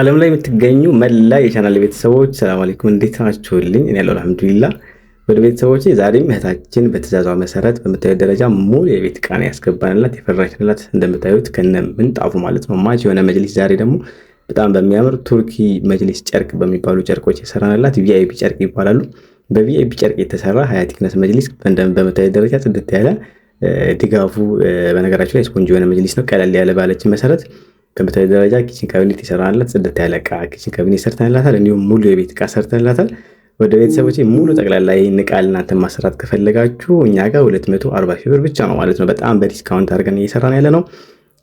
ዓለም ላይ የምትገኙ መላ የቻናል ቤተሰቦች ሰላም አለይኩም፣ እንዴት ናችሁልኝ? እኔ ያለው አልሐምዱሊላ። ወደ ቤተሰቦች ዛሬም እህታችን በትእዛዟ መሰረት በምታዩት ደረጃ ሙሉ የቤት ዕቃን ያስገባንላት የፈራሽንላት እንደምታዩት ከነ ምንጣፉ ማለት ነው። ማች የሆነ መጅሊስ ዛሬ ደግሞ በጣም በሚያምር ቱርኪ መጅሊስ ጨርቅ በሚባሉ ጨርቆች የሰራንላት ቪአይፒ ጨርቅ ይባላሉ። በቪአይፒ ጨርቅ የተሰራ ሀያ ቲክነስ መጅሊስ በምታዩት ደረጃ ጽድት ያለ ድጋፉ፣ በነገራችን ላይ ስፖንጅ የሆነ መጅሊስ ነው። ቀለል ያለ ባለችን መሰረት በምታይ ደረጃ ኪችን ካቢኔት ይሰራለት ጽድት ያለ ኪችን ካቢኔት ሰርተንላታል። እንዲሁም ሙሉ የቤት እቃ ሰርተንላታል። ወደ ቤተሰቦች ሙሉ ጠቅላላ ይህን እቃ እናንተ ማሰራት ከፈለጋችሁ እኛ ጋር 240 ሺህ ብር ብቻ ነው ማለት ነው። በጣም በዲስካውንት አድርገን እየሰራን ያለ ነው።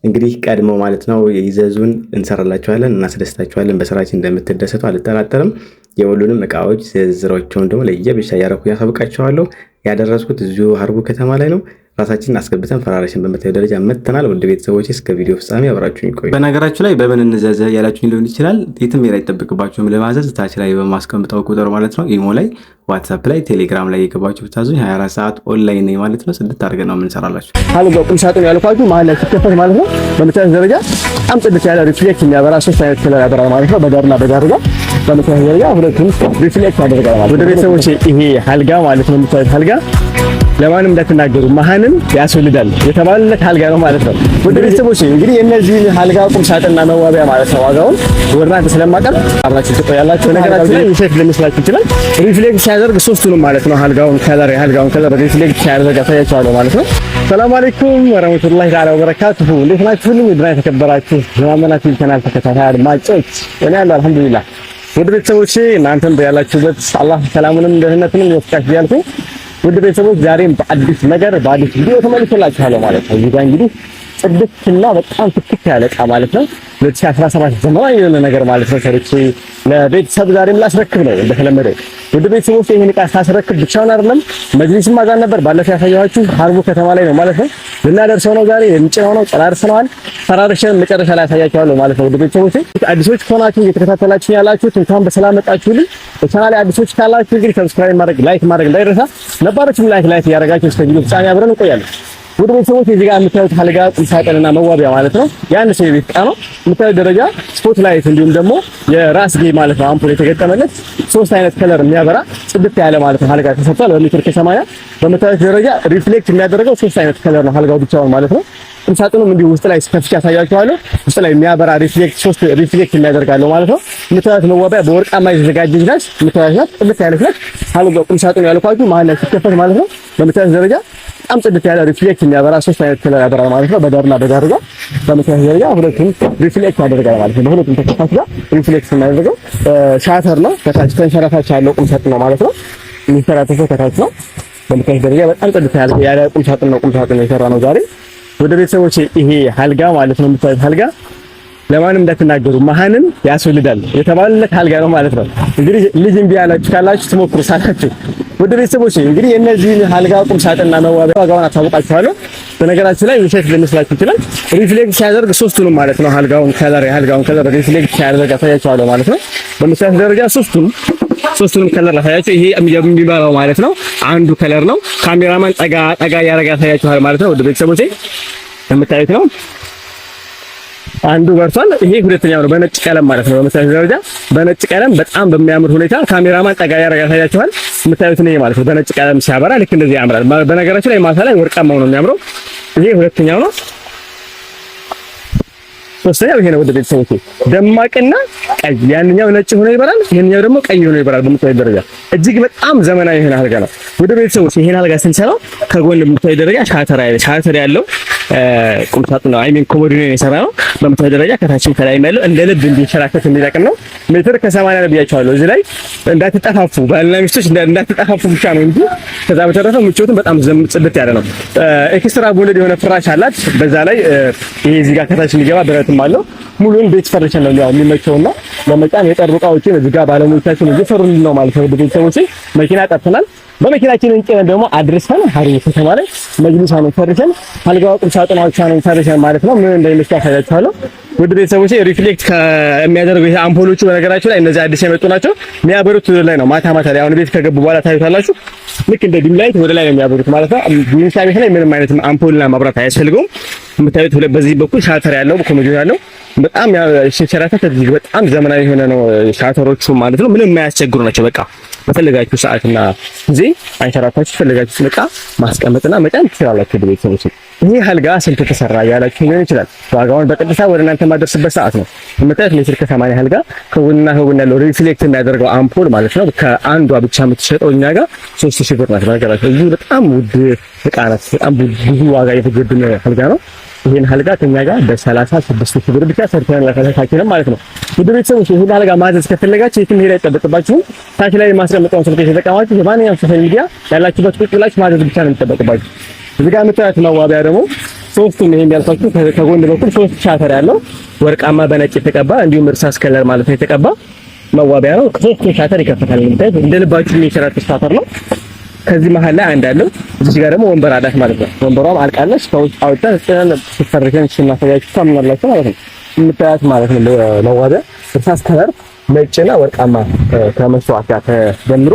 እንግዲህ ቀድሞ ማለት ነው ይዘዙን፣ እንሰራላችኋለን፣ እናስደስታችኋለን። በስራችን እንደምትደሰቱ አልጠራጠርም። የሁሉንም እቃዎች ዝርዝሮቸውን ደግሞ ለየብቻ እያረኩ ያሳብቃችኋለሁ። ያደረስኩት እዚሁ ሀርቡ ከተማ ላይ ነው። ራሳችን አስገብተን ፈራረሽን በምታዩ ደረጃ መተናል። ወደ ቤተሰቦች እስከ ቪዲዮ ፍጻሜ አብራችሁኝ ቆዩ። በነገራችሁ ላይ በምን እንዘዘ ያላችሁኝ ሊሆን ይችላል። የትም ሄዳ አይጠብቅባችሁም ለማዘዝ ታች ላይ በማስቀምጠው ቁጥር ማለት ነው። ኢሞ ላይ፣ ዋትሳፕ ላይ፣ ቴሌግራም ላይ የገባችሁ ብታዙኝ 24 ሰዓት ኦንላይን ነኝ ማለት ነው። ስድት አድርገ ነው የምንሰራላችሁ። አልጋው ቁም ሳጥን ያልኳችሁ መሀል ላይ ሲከፈት ማለት ነው። በምታዩት ደረጃ በጣም ጽድት ያለ ሪፍሌክት የሚያበራ ሶስት አይነት ክለር ያበራል ማለት ነው። በዳርና በዳር ጋር በምታዩት ደረጃ ሁለቱም ሪፍሌክት ያደርጋል ማለት ነው። ወደ ቤተሰቦች ይሄ አልጋ ማለት ነው የምታዩት አልጋ ለማንም እንዳትናገሩ መሃንን ያስወልዳል የተባለለት አልጋ ነው ማለት ነው። ወደ ቤተሰቦች እንግዲህ የእነዚህን አልጋ ቁም ሳጥንና መዋቢያ ማለት ነው ዋጋውን ወደ እናንተ ስለማቀርብ አብራችሁ ትቆያላችሁ። ነገራችሁ ላይ ሼፍ ሊመስላችሁ ይችላል። ሪፍሌክስ ሲያደርግ ሶስቱንም ማለት ነው አልጋውን ከለር የአልጋውን ከለር ሪፍሌክስ ሲያደርግ አሳያችኋለሁ ማለት ነው። ሰላም አለይኩም ወራህመቱላሂ ተዓላ ወበረካቱሁ። እንዴት ናችሁ? ሁሉም ተከበራችሁ የተከበራችሁ ለማመናችሁ ቻናል ተከታታይ አድማጮች እኔ አለሁ አልሐምዱሊላህ። ወደ ቤተሰቦች እናንተም በያላችሁበት አላህ ሰላሙንም ደህንነቱንም ይወፍቃችሁ እያልኩ ውድ ቤተሰቦች ዛሬም በአዲስ ነገር በአዲስ ቪዲዮ ተመልሼላችኋለሁ ማለት ነው። እዚህ ጋር እንግዲህ ጽድትና በጣም ትክክ ያለ እቃ ማለት ነው 2017 ዘመናዊ የሆነ ነገር ማለት ነው ሰርቼ ለቤተሰብ ዛሬም ላስረክብ ነው እንደተለመደው። ውድ ቤተሰቦች ይህን እቃ ሳስረክብ ብቻውን አይደለም መጅሊስም አዛን ነበር ባለፈው ያሳየኋችሁ ሀርቡ ከተማ ላይ ነው ማለት ነው ልናደርሰው ነው ዛሬ የምጭነው ነው ጨራርሰነዋል። ተራርሸን መጨረሻ ላይ አሳያችኋለሁ ማለት ነው። ቤተሰቦቼ አዲሶች ከሆናችሁ እየተከታተላችሁ ያላችሁት እንኳን በሰላም መጣችሁልኝ። ቻናል አዲሶች ካላችሁ እንግዲህ ሰብስክራይብ ማድረግ ላይክ ማድረግ እንዳይረሳ፣ ነባሮችም ላይክ ላይክ እያደረጋችሁ እስከ ቪዲዮ ፍጻሜ አብረን እንቆያለን። ወደ ቤተሰቦች እዚህ ጋር የምታዩት አልጋ ቁም ሳጥንና መዋቢያ ማለት ነው። የአንድ ሰው የቤት ዕቃ ነው የምታዩት ደረጃ፣ ስፖት ላይት እንዲሁም ደግሞ የራስጌ ማለት ነው አምፖል የተገጠመለት ሶስት አይነት ከለር የሚያበራ ጽድት ያለ ማለት ነው አልጋ ተሰጥቷል። በሜትር ከሰማንያ በምታዩት ደረጃ ሪፍሌክት የሚያደርገው ሶስት አይነት ከለር ነው አልጋው ብቻውን ማለት ነው። ቁም ሳጥኑም እንዲሁ ውስጥ ላይ ከፍቼ ያሳያችኋለሁ። ውስጥ ላይ የሚያበራ ሪፍሌክት ሶስት ሪፍሌክት የሚያደርጋለሁ ማለት ነው። የምታዩት መዋቢያ በወርቃማ የተዘጋጀች ናት። የምታዩት ናት፣ ጽድት ያለች ናት። አልጋው ቁም ሳጥኑ ያልኳችሁ መሀል ላይ ሲከፈት ማለት ነው በምታዩት ደረጃ በጣም ጽድት ያለ ሪፍሌክት የሚያበራ ሶስት አይነት ከለር ያበራል ማለት ነው። በዳርና በዳር ጋር በመካከል ደረጃ ሁለቱም ሪፍሌክት ያደርጋል ማለት ነው። ሁለቱም ተከፋች ጋር ሪፍሌክት የሚያደርገው ሻተር ነው። ከታች ተንሸራታች ያለው ቁም ሰጥ ነው ማለት ነው። የሚንሸራተተው ከታች ነው። በመካከል ደረጃ በጣም ጽድት ያለ ቁም ሰጥ ነው። ቁም ሰጥ ነው የሰራ ነው ዛሬ ወደ ቤተሰቦች ይሄ አልጋ ማለት ነው። የምታዩት አልጋ ለማንም እንዳትናገሩ መሃንን ያስወልዳል የተባለለት አልጋ ነው ማለት ነው። እንግዲህ ልጅ እምቢ ያላችሁ ካላችሁ ትሞክሩ ሳላችሁ ወደ ቤተሰቦች እንግዲህ የእነዚህን አልጋ ቁም ሳጥንና መዋቢያ ዋጋውን አታውቃችኋለሁ። በነገራችን ላይ ውሸት ልመስላችሁ ይችላል። ሪፍሌክት ሲያደርግ ሶስቱንም ማለት ነው አልጋውን ከለር የአልጋውን ከለር ሪፍሌክት ሲያደርግ አሳያችኋለሁ ማለት ነው። በመስራት ደረጃ ሶስቱንም ሶስቱንም ከለር ላሳያችሁ። ይሄ የሚበራው ማለት ነው አንዱ ከለር ነው። ካሜራማን ጠጋ ጠጋ እያደረገ ያሳያችኋል ማለት ነው። ወደ ቤተሰቦች የምታዩት ነው። አንዱ በርቷል። ይሄ ሁለተኛው ነው፣ በነጭ ቀለም ማለት ነው። በምሳሌ ደረጃ በነጭ ቀለም በጣም በሚያምር ሁኔታ ካሜራማን ጠጋ ያደርጋ ታያችኋል። የምታዩት ነው ማለት ነው። በነጭ ቀለም ሲያበራ ልክ እንደዚህ ያምራል። በነገራችን ላይ ማታ ላይ ወርቃማ ነው የሚያምረው። ይሄ ሁለተኛው ነው። ሶስተኛው ይሄ ነው። ወደ ቤተሰቦች ደማቅና ቀይ፣ ያንኛው ነጭ ሆኖ ይበራል፣ ይሄኛው ደግሞ ቀይ ሆኖ ይበራል። በምታዩት ደረጃ እጅግ በጣም ዘመናዊ የሆነ አልጋ ነው። ወደ ቤተሰቦች ይሄን አልጋ ስንሰራው ከጎን በምታዩት ደረጃ ሻተር ያለው ቁምሳጥን ነው አይሜን ኮሞዲኖ የሰራ ነው። በምታዩ ደረጃ ከታችም ከላይ ያለው እንደ ልብ እንዲንሸራተት የሚጠቅም ነው። ሜትር ከሰማንያ ነው ብያቸዋለሁ። እዚህ ላይ እንዳትጠፋፉ ባልና ሚስቶች እንዳትጠፋፉ ብቻ ነው እንጂ ከዛ በተረፈ ምቾቱን በጣም ጽድት ያለ ነው። ኤክስትራ ቦለድ የሆነ ፍራሽ አላት። በዛ ላይ ይሄ እዚህ ጋር ከታች የሚገባ ብረትም አለው። ሙሉን ቤት ፈርሸን ነው ያው የሚመቸውና ለመጫን የጠሩ እቃዎችን እዚህ ጋር ባለሙያዎቻችን እየሰሩልን ነው ማለት ነው። ቤተሰቦቼ መኪና ጠፍተናል። በመኪናችን ጭነን ደግሞ አድርሰን ሀሩር ከተማ ላይ መጅሊሷን ፈርሰን አልጋው ቁም ሳጥኗን ፈርሰን ማለት ነው። ምን እንደሚመስል አሳያችኋለሁ። ውድ ቤተሰቦች ሪፍሌክት ከሚያደርጉ ይሄ አምፖሎቹ በነገራችሁ ላይ እነዚህ አዲስ የመጡ ናቸው። የሚያበሩት ላይ ነው ማታ ማታ ላይ አሁን ቤት ከገቡ በኋላ ታዩታላችሁ። ልክ እንደ ዲም ላይት ወደ ላይ ነው የሚያበሩት ማለት ነው። ምንሳ ቤት ላይ ምንም አይነት አምፖልና ማብራት አያስፈልገውም። የምታዩት በዚህ በኩል ሻተር ያለው ኮሚጆ ያለው በጣም ሸራተት በጣም ዘመናዊ የሆነ ነው ሻተሮቹ ማለት ነው። ምንም የማያስቸግሩ ናቸው በቃ በፈለጋችሁ ሰዓትና ጊዜ አንሸራታችሁ ፈለጋችሁ ስለቃ ማስቀመጥና መጫን ትችላላችሁ። ቤተሰቦች ይሄ አልጋ ስንት ተሰራ ያላችሁ ሊሆን ይችላል። ዋጋውን በቀጥታ ወደ እናንተ ማደርስበት ሰዓት ነው። የምታዩት ሜትር ከሰማንያ አልጋ ከቡና ከቡና ያለው ሪፍሌክት የሚያደርገው አምፖል ማለት ነው። ከአንዷ ብቻ የምትሸጠው እኛ ጋር ሶስት ሺህ ብር ናት። በነገራችሁ በጣም ውድ ዕቃ ናት። በጣም ብዙ ዋጋ የተገደነ አልጋ ነው። ይህን አልጋ ከኛ ጋር በሰላሳ ስድስት ሺህ ብር ብቻ ሰርተናል ለካታችን ማለት ነው። ውድ ቤተሰቦች ይሄን አልጋ ማዘዝ ከፈለጋችሁ የትም መሄድ አይጠበቅባችሁም። ታች ላይ ማስቀመጣውን ስልክ የተጠቀማችሁ የማንኛውም ሶሻል ሚዲያ ያላችሁበት ቁጭ ብላችሁ ማዘዝ ብቻ ነው የሚጠበቅባችሁ። እዚህ ጋር የምታዩት መዋቢያ ደግሞ ሶስቱም ይሄን ያልኳችሁ ከጎን በኩል ሶስት ሻተር ያለው ወርቃማ በነጭ የተቀባ እንዲሁም እርሳስ ከለር ማለት ነው የተቀባ መዋቢያ ነው። ሶስቱን ሻተር ይከፈታል። እንደልባችሁ የሚሰራ ሻተር ነው። ከዚህ መሀል ላይ አንድ አለው። እዚህ ጋር ደግሞ ወንበር አላት ማለት ነው። ወንበሯም አልቃለች። ከውጭ አውጥተን ጽነን ስፈርገን ስናሳያችሁ ታምናላችሁ ማለት ነው። የምታያት ማለት ነው። መዋቢያ እርሳስ ከለር ነጭና ወርቃማ ከመስዋዕት ጋር ተደምሮ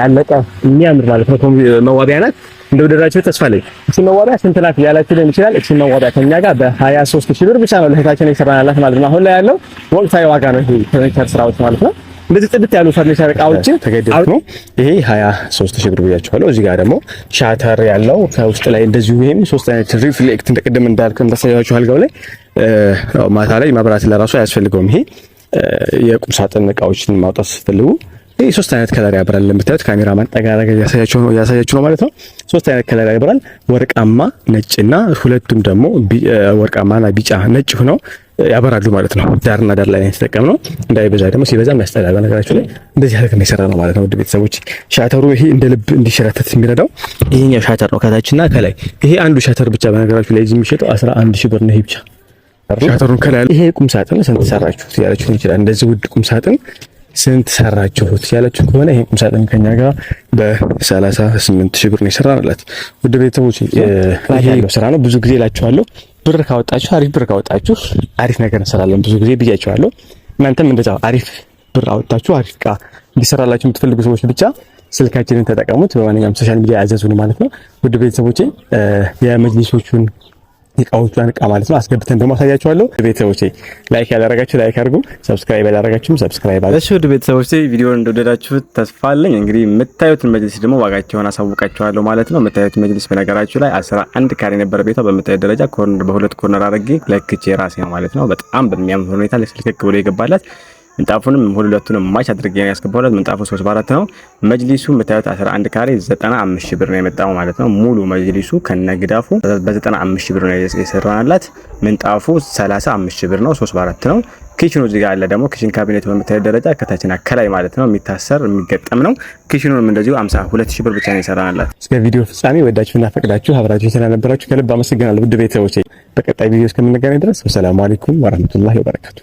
ያለቀ የሚያምር ማለት ነው መዋቢያ ናት። እንደወደዳችሁ ተስፋ ላይ እቺ መዋቢያ ስንት ናት ያላችሁ ሊሆን ይችላል። እቺ መዋቢያ ከኛ ጋር በ23000 ብር ብቻ ነው ለእህታችን የሰራናላት ማለት ነው። አሁን ላይ ያለው ወቅታዊ ዋጋ ነው ይሄ ፈርኒቸር ስራዎች ማለት ነው። እንደዚህ ጥድት ያሉ ፈርኒቸር እቃዎችን ተገደዱ ነው። ይሄ 23000 ብር ብያቸዋለሁ። እዚህ ጋር ደግሞ ሻተር ያለው ከውስጥ ላይ እንደዚሁ ይሄም ሶስት አይነት ሪፍሌክት እንደቀደም እንዳልኩ እንዳሳያችሁ አልጋው ላይ ማታ ላይ መብራት ለራሱ አያስፈልገውም። ይሄ የቁም ሳጥን እቃዎችን ማውጣት ስትፈልጉ ይሄ ሶስት አይነት ከለር ያብራል። እንደምታዩት ካሜራ ጠጋ አደረገ ያሳያችሁ ነው ማለት ነው። ሶስት አይነት ከለር ያብራል፣ ወርቃማ፣ ነጭና ሁለቱም ደግሞ ወርቃማና ቢጫ ነጭ ሆነው ያበራሉ ማለት ነው። ዳርና ዳር ላይ የተጠቀም ነው እንዳይበዛ ደግሞ ሲበዛ የሚያስጠላ በነገራችን ላይ እንደዚህ አድርገን የሰራ ነው ማለት ነው። ውድ ቤተሰቦች ሻተሩ ይሄ እንደ ልብ እንዲሸራተት የሚረዳው ይሄኛው ሻተር ነው ከታችና ከላይ። ይሄ አንዱ ሻተር ብቻ በነገራችሁ ላይ እዚህ የሚሸጠው አስራ አንድ ሺህ ብር ነው። ይሄ ብቻ ሻተሩን ከላይ። ይሄ ቁም ሳጥን ስንት ሰራችሁት ያለችሁን ይችላል። እንደዚህ ውድ ቁም ሳጥን ስንት ሰራችሁት ያለችው ከሆነ ይሄ ቁም ሳጥን ከኛ ጋር በ38 ሺህ ብር ነው የሰራንላት። ውድ ቤተሰቦች ይሄ ስራ ነው ብዙ ጊዜ እላችኋለሁ ብር ካወጣችሁ አሪፍ ብር ካወጣችሁ አሪፍ ነገር እንሰራለን ብዙ ጊዜ ብያቸዋለሁ። እናንተም እንደዛው አሪፍ ብር አወጣችሁ አሪፍ እቃ እንዲሰራላችሁ የምትፈልጉ ሰዎች ብቻ ስልካችንን ተጠቀሙት። በማንኛውም ሶሻል ሚዲያ ያዘዙን ማለት ነው። ውድ ቤተሰቦቼ የመጅሊሶቹን እቃዎቿን እቃ ማለት ነው አስገብተን ደግሞ አሳያችኋለሁ። ቤተሰቦቼ ላይክ ያላረጋችሁ ላይክ አድርጉ፣ ሰብስክራይብ ያላረጋችሁም ሰብስክራይብ አድርጉ። እሺ ውድ ቤተሰቦቼ ቪዲዮውን እንደወደዳችሁ ተስፋ አለኝ። እንግዲህ የምታዩትን መጅልስ ደግሞ ዋጋቸውን አሳውቃችኋለሁ ማለት ነው። የምታዩት መጅልስ በነገራችሁ ላይ 11 ካሬ ነበረ ቤቷ። በምታዩት ደረጃ ኮርነር በሁለት ኮርነር አድርጌ ለክቼ ራሴ ነው ማለት ነው። በጣም በሚያምር ሁኔታ ለስልክ ብሎ የገባላት ምንጣፉንም ሁለቱንም ማች አድርጌ ያስገባሁለት። ምንጣፉ 3 በአራት ነው። መጅሊሱ የምታዩት 11 ካሬ 95 ሺህ ብር ነው የመጣው ማለት ነው። ሙሉ መጅሊሱ ከነግዳፉ በ95 ሺህ ብር ነው የሰራናላት። ምንጣፉ 35 ሺህ ብር ነው። 3 በአራት ነው። ኪችኑ እዚህ ጋር አለ ደግሞ ኪችን ካቢኔት በምታዩት ደረጃ ከታችና ከላይ ማለት ነው የሚታሰር የሚገጠም ነው። ኪችኑንም እንደዚሁ 52 ሺህ ብር ብቻ ነው የሰራናላት። እስከ ቪዲዮ ፍጻሜ እና ፈቅዳችሁ ሀብራችሁ ስለነበራችሁ ከልብ አመሰግናለሁ ውድ ቤተሰቦቼ። በቀጣይ ቪዲዮ እስከምንገናኝ ድረስ ሰላም አለይኩም ወራህመቱላሂ ወበረካቱ።